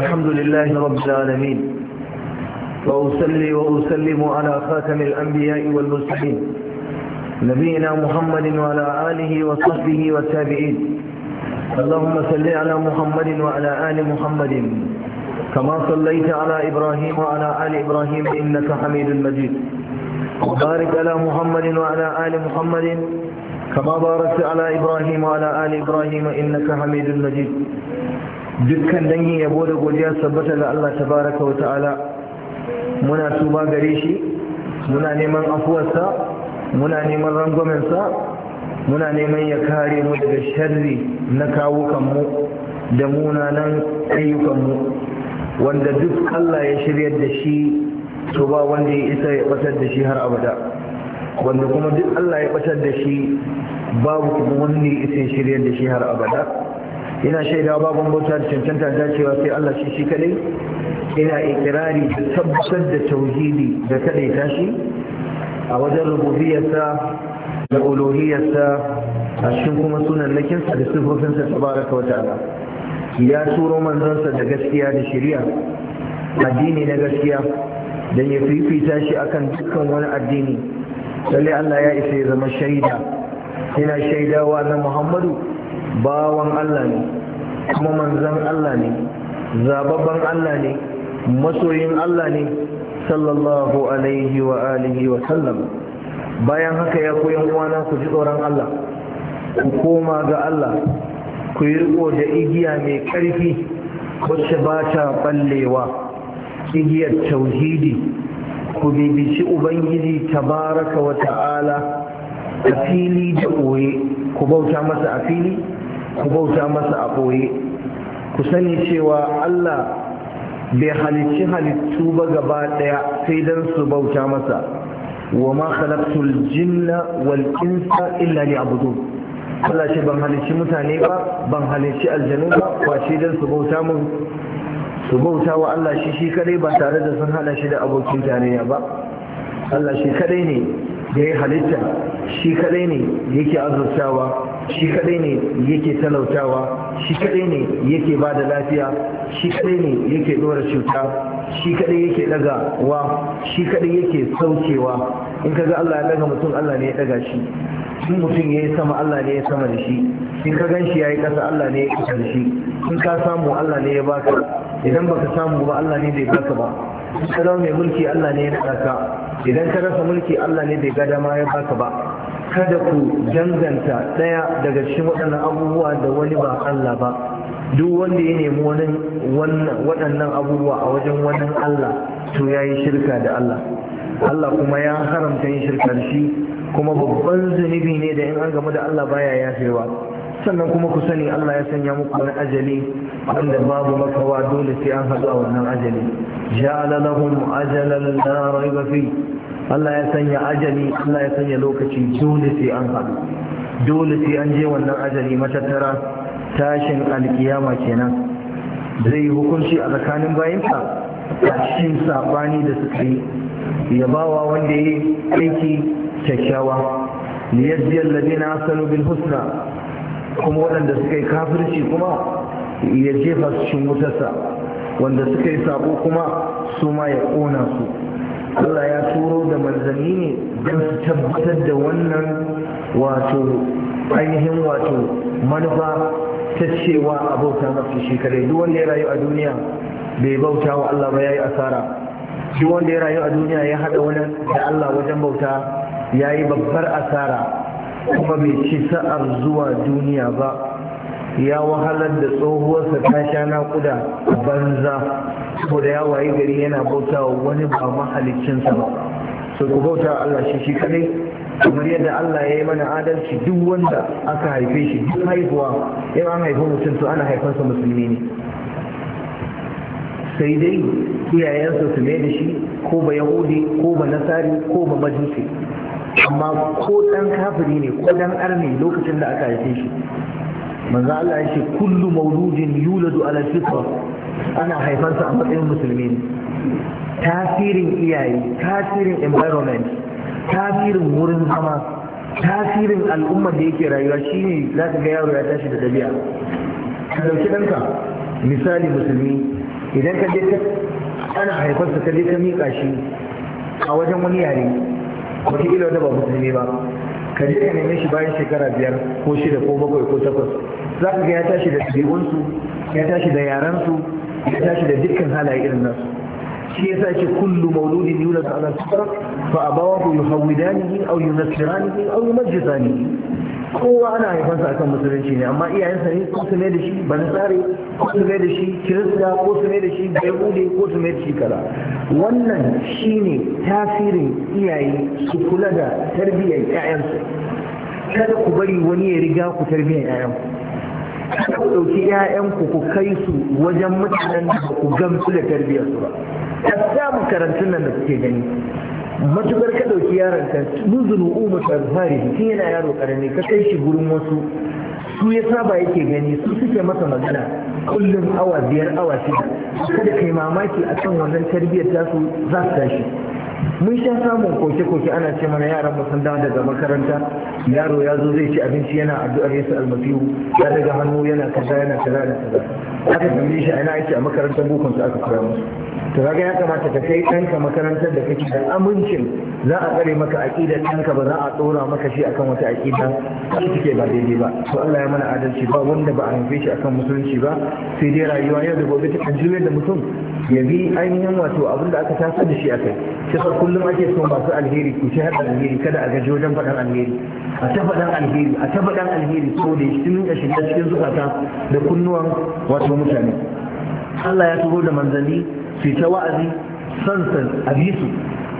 الحمد لله رب العالمين وأصلي وأسلم على خاتم الأنبياء والمرسلين نبينا محمد وعلى آله وصحبه والتابعين اللهم صل على محمد وعلى آل محمد كما صليت على إبراهيم وعلى آل إبراهيم إنك حميد مجيد وبارك على محمد وعلى آل محمد كما باركت على إبراهيم وعلى آل إبراهيم إنك حميد مجيد dukkan dangin yabo da godiya sabbata da Allah tabaraka wa ta'ala muna tuba gare shi muna neman afuwarsa muna neman rangwamensa muna neman ya kare mu daga sharri na kawukanmu da munanan ayyukanmu wanda duk Allah ya shiryar da shi to ba wanda ya isa ya batar da shi har abada wanda kuma duk Allah ya batar da shi babu kuma wanda ya isa ya shiryar da shi har abada ina shaidawa babban bauta da cancanta da cewa sai Allah shi shi kadai ina ikirari da tabbatar da tauhidi da kadai tashi a wajen rububiyarsa da uluhiyarsa a cikin kuma sunan nakinsa da sifofinsa tabaraka wata ta'ala ya turo manzonsa da gaskiya da shari'a addini na gaskiya dan ya fifita shi akan dukkan wani addini lalle Allah ya isa ya zama shaida ina shaidawa na Muhammadu bawan Allah ne kuma manzan Allah ne zababban Allah ne masoyin Allah ne sallallahu alaihi wa alihi wa sallam bayan haka ya koyi uwana ku ji tsoron Allah ku koma ga Allah ku yi riko da igiya mai ƙarfi wacce ba ta ɓallewa igiyar tauhidi ku bibici ubangiji tabaraka wa ta'ala a fili da ɓoye ku bauta masa a fili ku bauta masa a ɓoye ku sani cewa Allah bai halicci halittu ba gaba ɗaya sai don su bauta masa wa ma khalaqtul jinna wal insa a liya'budun Allah ce ban halicci mutane ba ban halicci aljanu ba shi don su bauta mun su bauta wa Allah shi shi kadai ba tare da sun hada shi da abokin tarayya ba Allah shi kadai ne da ya halitta shi kadai ne yake azurtawa shi kadai ne yake talautawa shi kadai ne yake ba da lafiya shi kadai ne yake dora cuta shi kadai yake daga wa shi kadai yake saukewa in kaga Allah ya daga mutum Allah ne ya daga shi in mutum ya yi sama Allah ne ya sama da shi in ka gan shi ya yi ƙasa Allah ne ya ƙasa da shi in ka samu Allah ne ya baka idan baka samu ba Allah ne bai baka ba in ka zama mai mulki Allah ne ya naɗa ka idan ka rasa mulki Allah ne bai gada ma ya baka ba kada ku danganta ɗaya daga cikin waɗannan abubuwa da wani ba Allah ba duk wanda ya nemi wani waɗannan abubuwa a wajen wani Allah to ya yi shirka da Allah Allah kuma ya haramta yin shirka da shi kuma babban zunubi ne da in an gamu da Allah baya yafewa sannan kuma ku sani Allah ya sanya muku wani ajali wanda babu makawa dole sai an haɗu a wannan ajali ja'ala lahum ajalan la raiba fi Allah ya sanya ajali Allah ya sanya lokaci dole sai an haɗu dole sai an je wannan ajali matattara tashin alkiyama kenan zai hukunci a tsakanin bayansa a cikin sabani da suka yi ya bawa wanda ya yi aiki kyakkyawa liyajiyar ladina asalu bil husna kuma waɗanda suka yi kafirci kuma ya jefa su cin wutarsa wanda suka yi sabo kuma su ma ya ƙona su Allah ya turo da manzanni ne don su tabbatar da wannan wato ainihin wato manufa ta cewa abauta mafi shekarai duk wanda ya rayu a duniya bai bauta wa Allah ba ya yi asara shi wanda ya rayu a duniya ya haɗa wani da Allah wajen bauta ya yi babbar asara kuma bai ci sa'ar zuwa duniya ba ya wahalar da tsohuwarsa ta sha naƙuda a banza saboda ya waye gari yana bauta wa wani ba mahalicinsa ba sai ku bauta Allah shi shi kadai kamar yadda Allah ya yi mana adalci duk wanda aka haife shi duk haihuwa in an haifi mutum to ana haifansa musulmi ne sai dai iyayensa su mai da shi ko ba yahudi ko ba nasari ko ba majusi amma ko dan kafiri ne ko dan arne lokacin da aka haife shi manzo Allah ya ce kullu mauludin yuladu ala fitra ana haifansa a matsayin musulmi ne tasirin iyaye tasirin environment tasirin wurin zama tasirin al'ummar da yake rayuwa shine za ka ga yaro ya tashi da dabi'a ka dauki ɗanka misali musulmi idan ka je ana haifarsa ka je ka miƙa shi a wajen wani yare wata ilo wanda ba musulmi ba ka je ka neme shi bayan shekara biyar ko shida ko bakwai ko takwas za ka ga ya tashi da ɗabi'unsu ya tashi da yaransu ya tashi da dukkan halaye irin nasu shi yasa ce kullu mauludin yulad ala fitra fa abawahu yuhawidanihi aw yunassiranihi aw yumajjisanihi kowa ana haifansa akan musulunci ne amma iyayensa ne ko su ne da shi banasare ko su ne da shi kirista ko su ne da shi bayhude ko su ne da shi kala wannan ne tasirin iyaye su kula da tarbiyyar 'ya'yansu kada ku bari wani ya riga ku tarbiyyar 'ya'yanku kada ku ɗauki 'ya'yanku ku kai su wajen mutanen da ku gamsu da tarbiyyarsu ba. samu makarantun nan da kuke gani, matukar ka ɗauki yaron ka umu ta tsarfari tun yana yaro karami ka kai shi gurin wasu su ya saba yake gani su suke masa magana kullum awa biyar awa shida kada kai mamaki a kan wannan tarbiyyar tasu za su tashi mun sha samun koke-koke ana ce mana yaran mu daga makaranta yaro ya zo zai ci abinci yana addu'ar yesu almasihu ya daga hannu yana kaza yana kaza da kaza aka tambaye shi ina aiki a makarantar bukun aka kira musu to kaga ya kamata ka kai ɗanka makarantar da kake da amincin za a tsare maka aƙidar ɗanka ba za a tsora maka shi akan wata aƙida da take ba daidai ba to Allah ya mana adalci ba wanda ba a haife shi akan musulunci ba sai dai rayuwa yau da gobe ta kan da mutum ya bi ainihin wato abin da aka tasar da shi akai sai kullum ake so masu alheri ku shahar alheri kada a gaji wajen faɗan alheri a ta faɗan alheri a ta faɗan alheri da shi tun a cikin zukata da kunnuwan wato mutane Allah ya turo da manzanni su ta wa'azi sansan a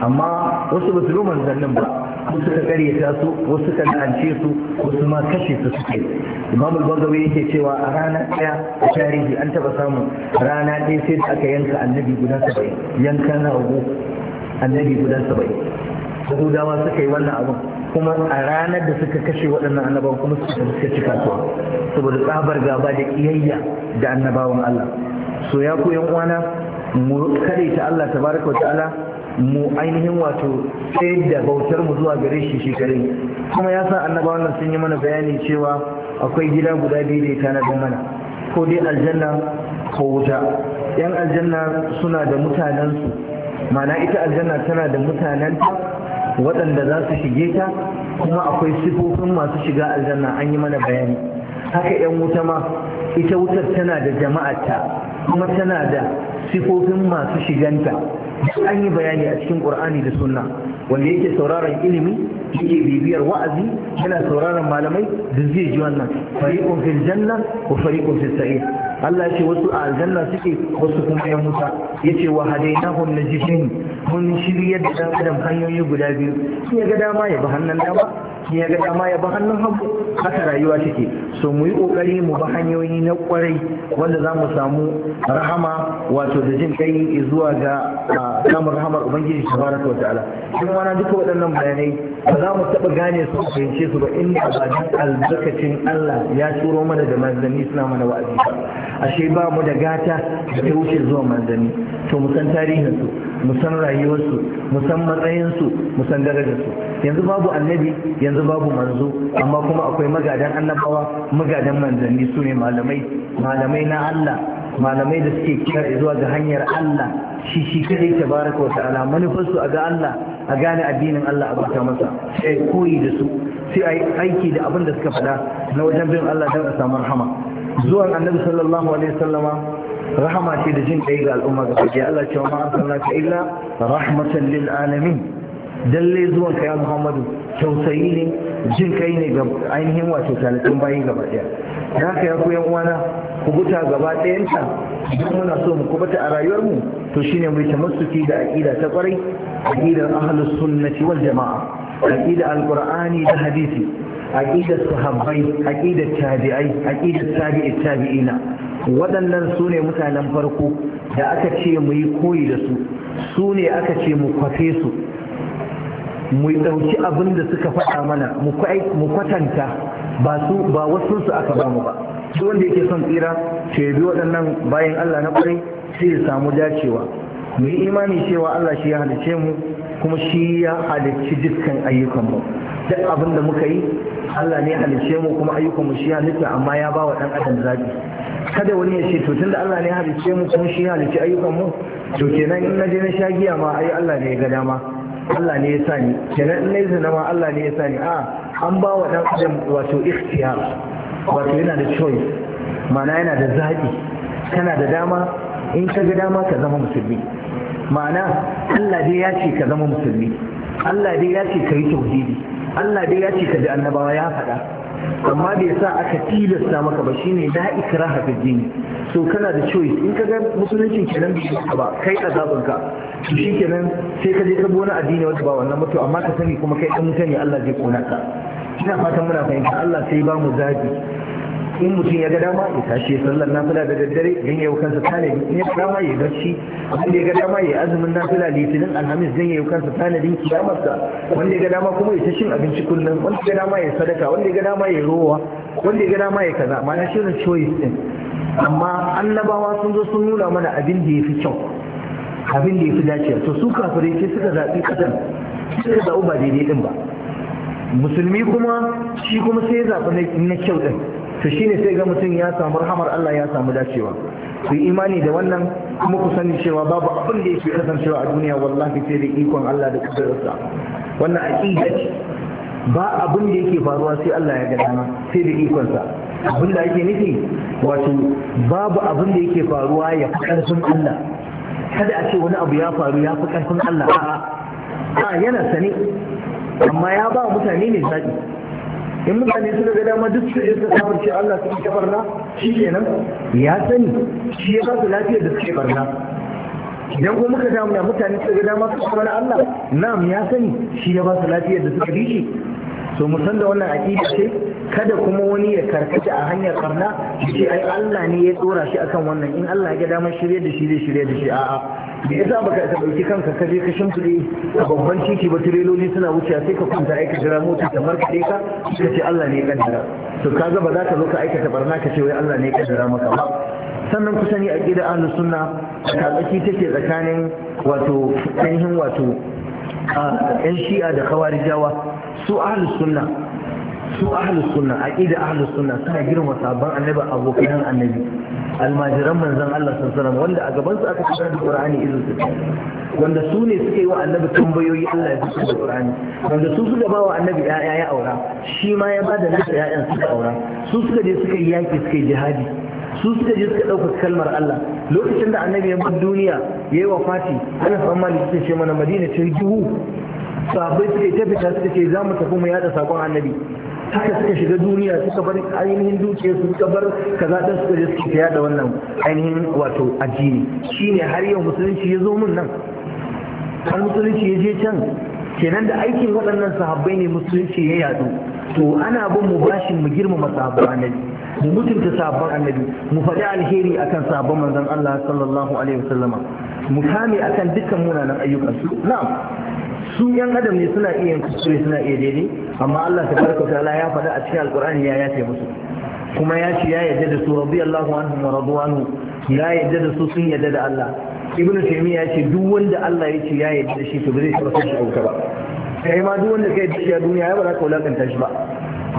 amma wasu ba su zo manzannin ba wasu ka karyata su wasu ka la'ance su wasu ma kashe su suke imam al yake cewa a rana daya a tarihi an taba samu rana ɗaya sai da aka yanka annabi guda saba'in yanka na annabi guda saba'in yahudawa suka yi wannan abin kuma a ranar da suka kashe waɗannan annabawan kuma suka suka cika su saboda tsabar gaba da ƙiyayya da annabawan Allah so ya ku yan uwana mu ta Allah tabaraka wa ta'ala mu ainihin wato tsayar da bautar mu zuwa gare shi shekare kuma ya sa annabawan nan sun yi mana bayani cewa akwai gida guda biyu da ya tanadar mana ko dai aljanna ko wuta yan aljanna suna da mutanensu mana ita aljanna tana da mutanenta waɗanda za su shige ta kuma akwai sifofin masu shiga aljanna an yi mana bayani haka yan wuta ma ita wutar tana da jama'arta kuma tana da sifofin masu shiganta an yi bayani a cikin ƙur'ani da sunna wanda yake sauraron ilimi yake bibiyar wa'azi yana sauraron malamai da zai ji wannan fariqun fil janna ko fariqun fis sa'ir Allah ce wasu a aljanna suke wasu kuma ya musa ya ce wa na najidin mun shirya da dan adam hanyoyi guda biyu shi ya ga dama ya ba hannun dama shi ya ga dama ya bi hannun hagu haka rayuwa take so mu yi kokari mu ba hanyoyi na kwarai wanda za mu samu rahama wato da jin kai zuwa ga samun rahamar ubangiji tabaraka wa ta'ala in wana duka waɗannan bayanai ba za mu taɓa gane su a fahimce su ba inda ba duk albarkacin Allah ya turo mana da manzanni suna mana wa'azi ba ashe ba mu da gata da ta wuce zuwa manzanni to mu san tarihin su mu san rayuwarsu mu san matsayin su mu san darajar su yanzu babu annabi yanzu babu manzo amma kuma akwai magadan annabawa magadan manzanni su ne malamai malamai na Allah malamai da suke kira zuwa ga hanyar Allah shi shi kadai tabaraka wa ta'ala manufarsu a ga Allah a gane addinin Allah a bauta masa sai koyi da su sai a aiki da abin da suka faɗa na wajen bin Allah don a samu rahama zuwan annabi sallallahu alaihi wasallama rahama ce da jin ɗaya ga al'umma ga fage Allah cewa ma arsalna ka illa rahmatan lil alamin dalle zuwan ka Muhammadu tausayi ne jin kai ne ga ainihin wato talatin bayi gaba ɗaya da haka ya ku yan uwana kubuta gaba ɗayanta duk muna so mu kubuta a rayuwarmu to shine mu ta masuki da aqida ta kwarai aqidar ahlus sunnati wal jamaa aqida alqur'ani da hadisi aqidar sahabbai aqidar tabi'ai aqidar tabi'i tabi'ina waɗannan su ne mutanen farko da aka ce mu yi koyi da su su ne aka ce mu kwafe su mu ɗauki abin da suka faɗa mana mu kwatanta ba su ba wasu su aka bamu ba shi wanda yake son tsira to ya bi waɗannan bayan Allah na ƙwarai sai ya samu dacewa mu yi imani cewa Allah shi ya halice mu kuma shi ya halicci dukkan ayyukan mu duk abin da muka yi Allah ne halice mu kuma ayyukan mu shi halitta amma ya ba wa ɗan adam zabi kada wani ya ce to tunda Allah ne halice mu kuma shi ya halicci ayyukan mu to kenan in na je na sha giya ma ai Allah ne ya ga dama Allah ne ya sani. kenan in na yi zina ma Allah ne ya sani? a an ba wa ɗan adam wato ikhtiyar wato yana da choice ma'ana yana da zaɓi kana da dama in ka ga dama ka zama musulmi ma'ana Allah dai ya ce ka zama musulmi Allah dai ya ce ka yi tauhidi Allah dai ya ce ka ji annabawa ya faɗa amma bai sa aka tilasta maka ba shine da ikraha fi dini so kana da choice in ka ga musulunci kenan bai ka ba kai azabin ka to shikenan sai ka je ka bi wani addini wanda ba wannan mutu amma ka sani kuma kai dan mutane Allah zai kona ka ina fatan muna fahimta Allah sai ba mu zabi in mutum ya ga dama ya tashi sallar nafila da daddare don ya yi kansa tanadi in ya dama ya barci wanda ya ga dama ya azumin nafila litinin alhamis don ya yi kansa tanadin kiyamarsa wanda ya ga dama kuma ya ta shin abinci kullum wanda ya ga dama ya sadaka wanda ya ga dama ya rowa wanda ya ga dama ya kaza na shi ne ciwo din amma annabawa sun zo sun nuna mana abin da ya fi kyau abin da ya fi dacewa to su kafirai sai suka zaɓi kadan suka zaɓi ba daidai din ba musulmi kuma shi kuma sai ya zaɓi na kyau ɗin to shi ne sai ga mutum ya samu rahamar Allah ya samu dacewa su imani da wannan kuma ku sani cewa babu abin da ya yake kasancewa a duniya wallahi sai da ikon Allah da kudurarsa wannan aqida ce ba abin da yake faruwa sai Allah ya gada dama sai da ikonsa abin da yake nufi wato babu abin da yake faruwa ya fi ƙarfin Allah kada a ce wani abu ya faru ya fi ƙarfin Allah a'a a yana sani amma ya ba mutane ne zaɓi in mutane suka ga dama duk sai suka shi Allah su ke barna shi kenan ya sani shi ya ba su lafiya da suke barna idan kuma muka damu da mutane suka ga dama su barna Allah na'am ya sani shi ya ba su lafiya da suka bi so mu san da wannan aqida ce kada kuma wani ya karkata a hanyar karna shi ai Allah ne ya tsora shi akan wannan in Allah ya ga damar shirye da shi zai shirye da shi a'a da yasa baka ta dauki kanka ka je ka shimfiɗe a babban titi ba tireloli suna wuce sai ka kwanta aika jira mota ta markaɗe ka ka ce Allah ne ya kaddara to kaga ba za ka zo ka aikata barna ka ce wai Allah ne ya kaddara maka ba sannan ku sani aqida ahlus sunna tsaki take tsakanin wato ainihin wato yan shi'a da khawarijawa su ahlus sunna su ahlus sunna aqida ahlus sunna suna girma sabon annabi abokan annabi almajiran manzon Allah sansanan wanda a gaban su aka fitar da Qur'ani irin su wanda su ne suka yi wa annabi tambayoyi Allah ya fitar da Qur'ani wanda su suka ba wa annabi ya'ya ya aura shi ma ya ba da nasa ya'yan suka aura su suka je suka yi yaki suka yi jihadi su suka je suka ɗauka kalmar Allah lokacin da annabi ya bar duniya ya yi wa fati ana fama da ce mana madina ce duhu sahabbai suka ta fita suka ce za mu tafi mu yaɗa sakon annabi haka suka shiga duniya suka bar ainihin dukiya suka bar kaza din suka je suka fiya da wannan ainihin wato addini shine har yau musulunci ya zo mun nan har musulunci ya je can kenan da aikin waɗannan sahabbai ne musulunci ya yadu to ana bin mu bashin mu girmama sahabban annabi mu mutunta sahabban annabi mu faɗi alheri akan sahabban manzon Allah sallallahu alaihi wasallama mu kame akan dukkan munanan ayyukan su na'am su yan adam ne suna iya kuskure suna iya daidai amma Allah Ta ta'ala ya faɗa a cikin Alƙur'ani ya yace musu kuma ya ce ya yadda da su radiyallahu anhu wa radu anhu ya yadda da su sun yadda da Allah ibnu taymiya ya ce duk wanda Allah ya ce ya yadda da shi to bai shi shi auka ba kai ma duk wanda kai yadda da duniya ya ba za ka wulakanta shi ba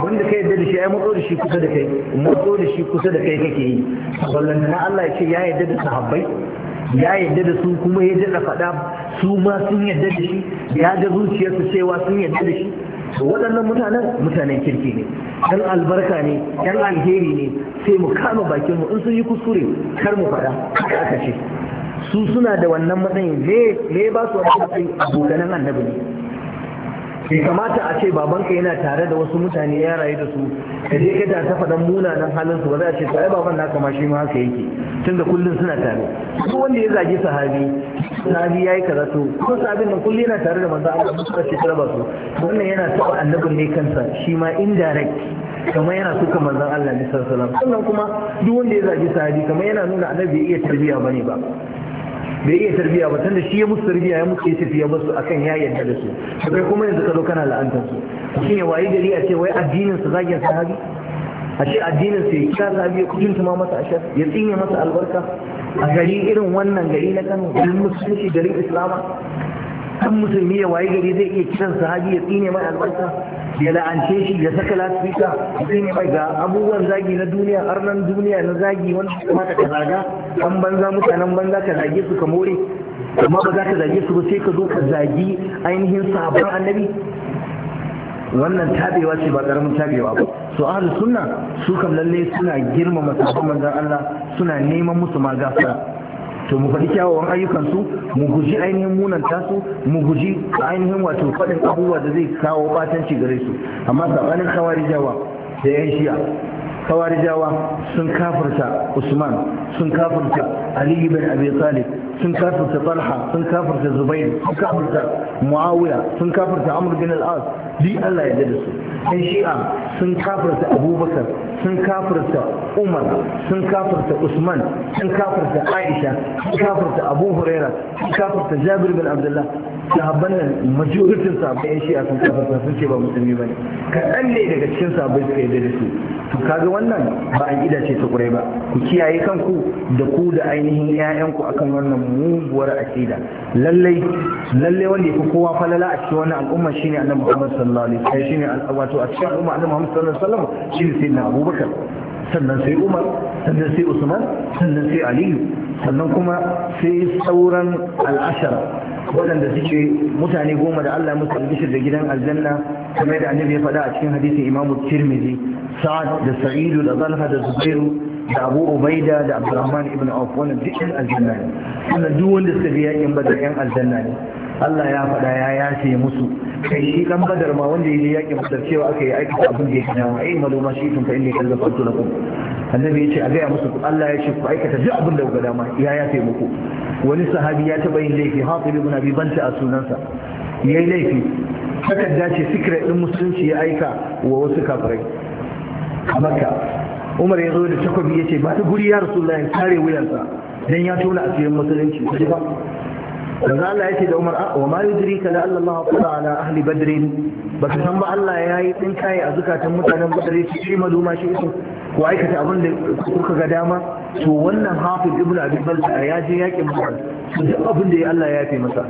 wanda kai yadda da shi ya mutso da shi kusa da kai mutso da shi kusa da kai kake yi wallan na Allah ya ce ya yadda da sahabbai ya yadda da su kuma ya jada faɗa su ma sun yadda da shi ya ga zuciyarsu cewa sun yadda da shi da waɗannan mutanen mutanen kirki ne ɗan albarka ne ɗan alheri ne sai mu kama bakin mu in sun yi kuskure kar mu faɗa haka aka ce su suna da wannan matsayin me ba su wannan matsayin abokanan annabi ne bai kamata a ce babanka yana tare da wasu mutane ya rayu da su da je ka ta faɗan munanan halin su ba za a ce sai baban naka ma shi ma haka yake tunda kullun suna tare duk wanda ya zagi sahabi sahabi yayi kaza to ko sahabin nan kullun yana tare da manzo Allah suka ce ba su wannan yana taba annabin ne kansa shi ma indirect kamar yana suka manzon Allah ne sallallahu alaihi wasallam sannan kuma duk wanda ya zagi sahabi kamar yana nuna annabi iya tarbiya bane ba bai iya tarbiya ba tunda shi ya musu tarbiya ya musu tafi fiye musu akan ya yarda da su to kai kuma yanzu ka zo kana la'antar su ne waye gari a ce wai addinin su zagin sahabi a ce addinin su ya kira sahabi ya kujinta tuma masa ashar ya tsine masa albarka a gari irin wannan gari na Kano garin musulunci garin Islama kan musulmi ya waye gari zai iya kiran sahabi ya tsine mai albarka ya la'ance shi ya saka lasfika zai mai ga abubuwan zagi na duniya arnan duniya na zagi wanda kuma ka zaga an banza mutanen banza ka zage su ka more amma ba za ka zage su ba sai ka zo ka zagi ainihin sabon annabi wannan tabewa ce ba karamin tabewa ba so ahlus sunna su kam lalle suna girmama sabon manzon Allah suna neman musu magafara to mu faɗi kyawawan ayyukansu mu guji ainihin munanta su mu guji ainihin wato faɗin abubuwa da zai kawo batanci gare su amma tsakanin kawarijawa da yan shi'a kawarijawa sun kafarta usman sun kafarta ali ibn abi talib sun kafirta talha sun kafirta Zubairu, sun kafirta muawiya sun kafirta amr bin al-as di Allah ya da su ɗan shi'a sun kafirta abubakar sun kafirta umar sun kafirta usman sun kafirta aisha sun kafirta abu huraira sun kafirta jabir bin abdullah sahabban nan majoritin ƴan shi'a sun kafirta sun ce ba musulmi ne. kaɗan ne daga cikin sabon suka yarda da su to kaga wannan ba an ce ta ƙurai ba ku kiyaye kanku da ku da ainihin 'ya'yanku akan wannan muguwar akida lallai lallai wanda yake kowa falala a cikin wannan al'umma shine annabi Muhammad sallallahu alaihi wasallam shine wato a cikin al'umma annabi Muhammad sallallahu alaihi wasallam shine sayyidina Abubakar sannan sai Umar sannan sai Usman sannan sai Aliyu sannan kuma sai sauran al'ashara waɗanda suke mutane goma da Allah musu albishir da gidan aljanna kamar da annabi ya faɗa a cikin hadisin Imam Tirmidhi Sa'ad da Sa'idu da Talha da Zubairu da abu ubaida da abdurrahman ibn auf wannan duk yan aljanna ne wannan duk wanda suka biya yan badar yan aljanna ne Allah ya faɗa ya yace musu kai shi kan badar ma wanda ya yakin badar cewa aka yi aiki abin da ya yake wa. ai maluma shi tun fa inni kan zafartu lakum annabi ya ce a gaya musu Allah ya ce ku aikata duk abin da kuka dama ya yace muku wani sahabi ya taɓa yin laifi hatib ibn abi banta a sunansa yayi laifi takarda ce secret din musulunci ya aika wa wasu kafirai a makka umar ya zo da takobi ya ce ba ta guri ya da ya kare wuyansa don ya tona asirin musulunci ku ji ba manzo Allah ya ce da umar wa ma yudrika la alla Allah qala ala ahli badr ba su san ba Allah ya yi din a zukatan mutanen badr su yi maluma shi su ku aikata abin da kuka ga dama to wannan hafiz ibnu abi balta ya je yakin su duk abin da ya Allah ya yafe masa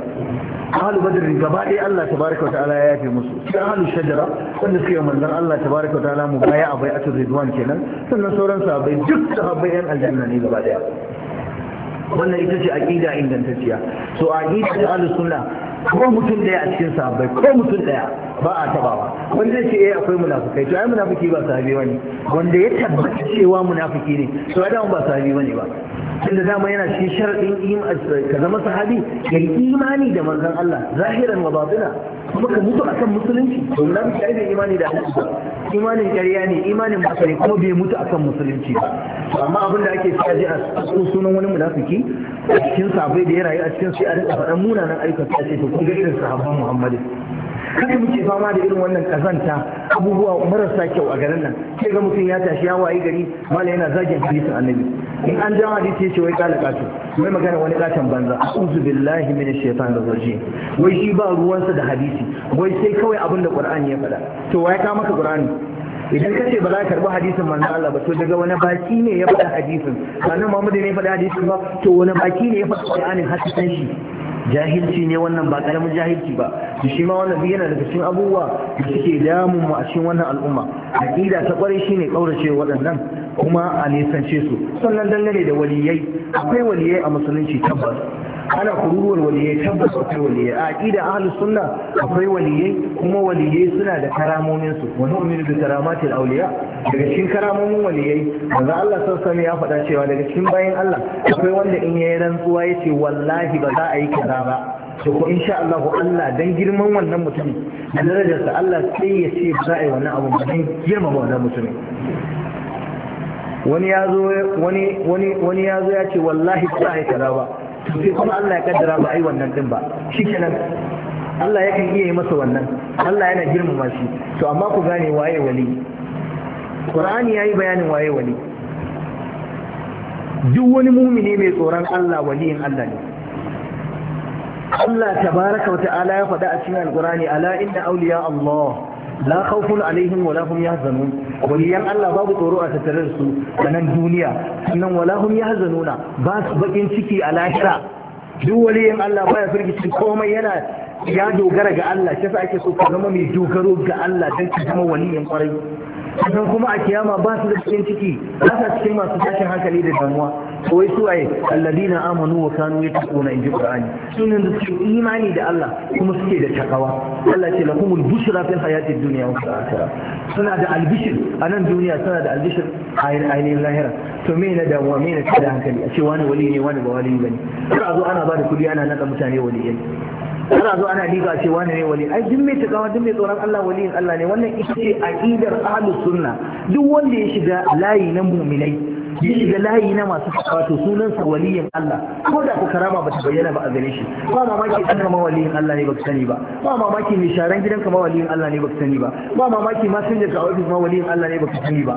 ahalu badrin gaba ɗaya Allah tabaraka ta'ala ya yafe musu sai ahalu shajara wanda suke manzon Allah tabaraka ta'ala mu baya abai a ridwan kenan sannan sauran sahabbai duk sahabbai yan aljanna ne gaba ɗaya wannan ita ce aqida ingantacciya so aqida ta ahlus sunna ko mutum daya a cikin sahabbai ko mutum daya ba a tabawa wanda zai ce eh akwai munafikai to ai munafiki ba sahabi bane wanda ya tabbata cewa munafiki ne to ai dama ba sahabi bane ba tunda dama yana cikin sharadin ka zama sahabi ya yi imani da manzon Allah zahiran wa batina kuma ka mutu akan musulunci to munafiki ai bai imani da Allah imanin ƙarya ne imanin ba kuma bai mutu akan musulunci ba amma abin da ake sa ji a sunan wani munafiki a cikin sabai da ya rayu a cikin su a rika faɗan munanan ayyukan a ce to kun ga Kada sahabban muhammadin kada muke fama da irin wannan kazanta abubuwa marasa kyau a garin nan sai ga mutum ya tashi ya wayi gari mala yana zagin hadisin annabi in an ja hadisi ce wai kala kato wai magana wani katon banza a'udhu billahi minash shaitanir rajim wai shi ba ruwansa da hadisi wai sai kawai abin da qur'ani ya faɗa to wai ka maka qur'ani idan ka ce ba za ka karɓi hadisin manzo Allah ba to daga wani baki ne ya faɗa hadisin sannan Muhammad ne ya faɗa hadisin ba to wani baki ne ya faɗa Qur'anin hadisin shi jahilci ne wannan ba karamin jahilci ba to shi ma wannan yana daga cikin abubuwa da suke damun mu a cikin wannan al'umma aqida ta kwarai shine kaurace waɗannan kuma a nisance su sannan dangane da waliyai akwai waliyai a musulunci tabbas ana kururuwar waliyai tabbas akwai waliyai a aqida ahlus sunna akwai waliyai kuma waliyai suna da karamomin su wa nu'minu bi karamatil awliya daga cikin karamomin waliyai manzo Allah sallallahu ya faɗa cewa daga cikin bayan Allah akwai wanda in yayi rantsuwa yace wallahi ba za a yi kaza ba to ko insha Allah Allah dan girman wannan mutumin da darajarsa Allah sai ya ce ba za a yi wannan abu ba dan girmama wannan mutumin wani ya zo ya ce wallahi ba za a yi kaza ba to sai kuma Allah ya kaddara ba yi wannan din ba kenan Allah yakan iya yi masa wannan Allah yana girmama shi to amma ku gane waye wali Qur'ani yayi bayanin waye wali duk wani mumini mai tsoron Allah waliyin Allah ne Allah tabaraka wa ta'ala ya faɗa a cikin Al-Qur'ani ala inna awliya Allah la khawfun alaihim wala hum yahzanun waliyan Allah babu tsoro a tattare da su a nan duniya sannan wala hum yahzanuna ba su bakin ciki a lahira duk waliyan Allah baya firgici komai yana ya dogara ga Allah shi ake so ka zama mai dogaro ga Allah dan ka zama waliyan kwarai sannan kuma a kiyama ba su da cikin ciki ba sa cikin masu tashin hankali da damuwa Kawai su waye na amanu wa kanu yattaquna in ji qur'ani sunan da suke imani da Allah kuma suke da takawa Allah ce lahumul bushra fil hayatid dunya wa fil akhirah suna da albishir a nan duniya suna da albishir a ainihin lahira to me na damuwa wa me na da hankali a ce wani wali ne wani ba wali bane kar zo ana ba da kudi ana naka mutane waliyai ana zo ana liga ce wani ne wali ai duk mai takawa duk mai tsoron Allah waliyin Allah ne wannan ita ce aqidar ahlus sunna duk wanda ya shiga layi na mu'minai ji ga layi na masu fatawa sunan sa waliyin Allah ko da ku karama ba bayyana ba a gare shi ba mamaki dan ma waliyin Allah ne ba sani ba ba mamaki ne sharan gidan ka ma waliyin Allah ne ba sani ba ba mamaki ma sun ka office ma waliyin Allah ne ba sani ba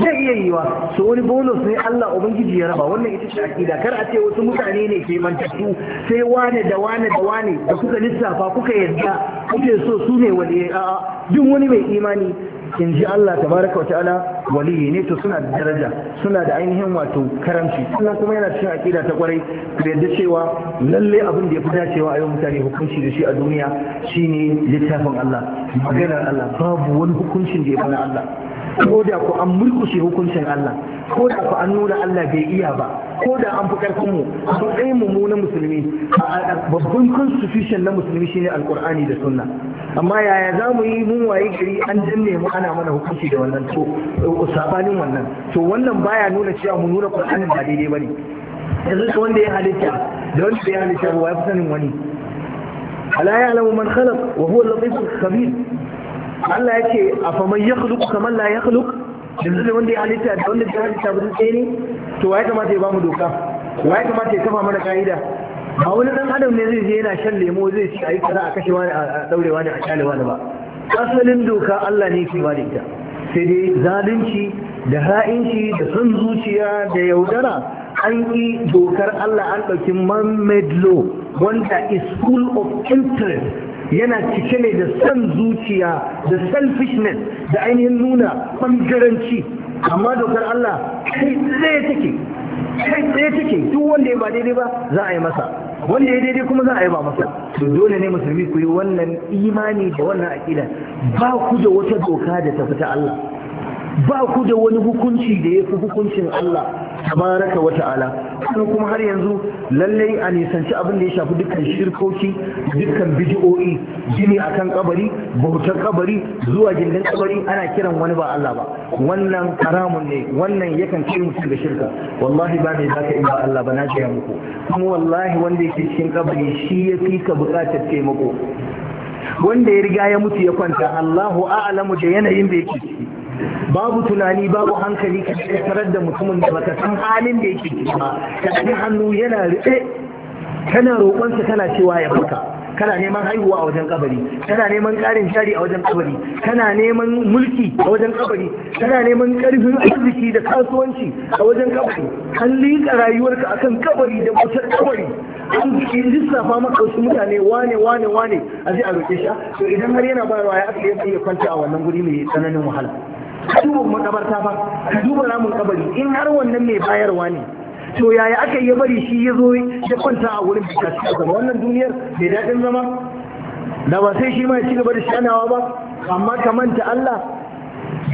zai iya yiwa su wani bonus ne Allah ubangiji ya raba wannan ita ce akida kar a ce wasu mutane ne ke mantattu sai wane da wane da wane da kuka lissafa kuka yadda kuke so su ne waliyin a'a duk wani mai imani in ji Allah ta baraka wa ta'ala waliyi ne to suna da daraja suna da ainihin wato karamci sannan kuma yana cikin aqida ta kwarai da yadda cewa lalle abin da ya fi dacewa a yau mutane hukunci da shi a duniya shine littafin Allah maganar Allah babu wani hukuncin da ya fi na Allah ko da ku an murkushe hukuncin Allah ko da ku an nuna Allah bai iya ba ko da an fi karfin mu a matsayin mu na musulmi babban constitution na musulmi shine alkur'ani da sunna amma yaya za mu yi mun waye gari an danne mu ana mana hukunci da wannan to sabanin wannan to wannan baya nuna cewa mu nuna qur'ani ba daidai bane yanzu wanda ya halitta da wanda ya halitta ba ya fi sanin wani ala ya'lamu man khalaq wa huwa al-latif al-khabir Allah ya ce a faman ya khuluku kamar la ya khuluk da da wanda ya halitta da wanda ya halitta ba tsaye ne to wa ya kamata ya ba mu doka wa ya kamata ya kafa mana ka'ida ba wani dan adam ne zai je yana shan lemo zai ci a yi kaza a kashe wani a daure wani a kyale wani ba asalin doka Allah ne ke ba da ita sai dai zalunci da ha'inci da son zuciya da yaudara an yi dokar Allah an ɗauki man law wanda is full of interest yana cike ne da san zuciya da selfishness da ainihin nuna ɓangaranci amma dokar Allah kai tsaye take kai tsaye take duk wanda ya ba daidai ba za a yi masa wanda ya daidai kuma za a yi ba masa to dole ne musulmi ku yi wannan imani da wannan aƙida ba ku da wata doka da ta fita Allah ba ku da wani hukunci da ya fi hukuncin Allah tabaraka wa ta'ala sannan kuma har yanzu lallai a nisanci abin da ya shafi dukkan shirkoki dukkan bidi'o'i jini kan kabari bautar kabari zuwa gindin kabari ana kiran wani ba Allah ba wannan haramun ne wannan yakan kai mutum da shirka wallahi ba mai zaka in ba Allah ba na ce muku kuma wallahi wanda yake cikin kabari shi ya fi ka bukatar taimako wanda ya riga ya mutu ya kwanta Allahu a'lamu da yanayin da yake babu tunani babu hankali ka tarar da mutumin da baka san halin da yake ciki ba ka hannu yana riƙe kana roƙonsa kana cewa ya baka kana neman haihuwa a wajen kabari kana neman ƙarin shari a wajen kabari kana neman mulki a wajen kabari kana neman ƙarfin arziki da kasuwanci a wajen kabari an liƙa rayuwarka akan kabari da wutar kabari an ji lissafa maka wasu mutane wane wane wane a zai a roƙe shi to idan har yana bayarwa ya aka iya kwanta a wannan guri mai tsananin wahala ka duba makabarta ba ka duba ramin kabari in har wannan mai bayarwa ne to yaya aka yi bari shi ya zo ya kwanta a wurin bisa shi zama wannan duniyar bai daɗin zama da ba sai shi ma ya ci gaba da shanawa ba amma ka manta Allah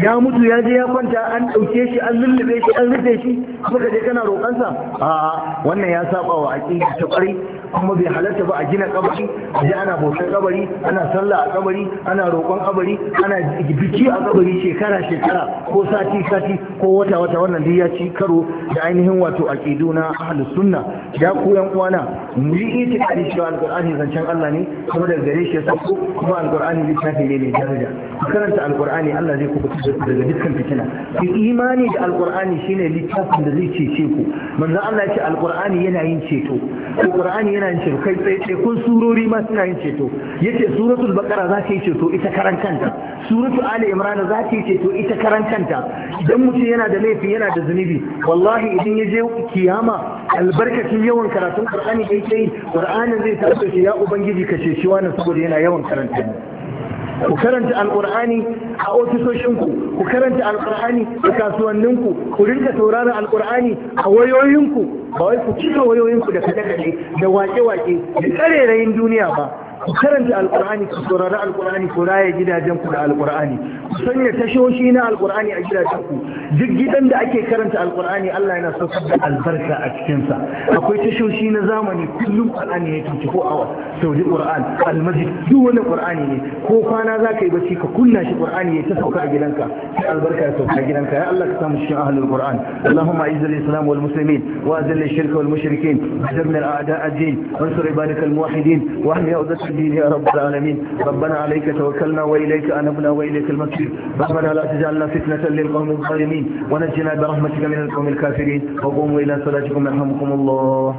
ya mutu ya je ya kwanta an ɗauke shi an lullube shi an rufe shi kuma je kana sa a wannan ya saba wa aqidi ta kwari kuma bai halarta ba a gina kabari aje ana bautar kabari ana sallah a kabari ana roƙon kabari ana biki a kabari shekara shekara ko sati sati ko wata wata wannan dai ya ci karo da ainihin wato aƙidu na ahlus sunna ya ku yan uwana mu yi itikadi cewa alqur'ani zancen Allah ne kuma daga gare shi ya sako kuma alqur'ani littafi ne mai daraja ku karanta alqur'ani Allah zai kubuta ku daga dukkan fitina ku imani da alkur'ani shine littafin da zai cece ku manzo Allah ya ce alqur'ani yana yin ceto alqur'ani yana yin ceto kai tsaye kun surori ma suna yin ceto yace suratul baqara za ta yi ceto ita karan kanta suratul ali imran za ta yi ceto ita karan kanta idan mutum yana da laifi yana da zunubi wallahi idan ya je kiyama albarkacin yawan karatun ƙur'ani da yake yi qur'anin zai tabbata ya ubangiji ka ceci wani saboda yana yawan karanta ku karanta alkur'ani a ofisoshinku ku karanta alkur'ani a kasuwanninku ku rinka sauraron alkur'ani a wayoyinku ba wai ku cika wayoyinku da kaɗe-kaɗe da wake-wake da tsarerayin duniya ba ku karanta alkur'ani ku saurari alkur'ani ku raya gidajen ku da alkur'ani ku sanya tashoshi na alkur'ani a gidajen ku duk gidan da ake karanta alkur'ani Allah yana saukar da albarka a cikin sa akwai tashoshi na zamani kullum qur'ani ya ko awa saudi qur'an almasjid duk wani qur'ani ne ko kwana zaka yi bacci ka kunna shi qur'ani ya ta sauka a gidanka sai albarka ya sauka a gidanka ya Allah ka samu cikin ahlul qur'an اللهم اعز الاسلام والمسلمين واذل الشرك والمشركين ودمر اعداء الدين وانصر عبادك الموحدين واحمي الدين يا رب العالمين ربنا عليك توكلنا وإليك أنبنا وإليك المسجد ربنا لا تجعلنا فتنة للقوم الظالمين ونجنا برحمتك من القوم الكافرين وقوموا إلى صلاتكم يرحمكم الله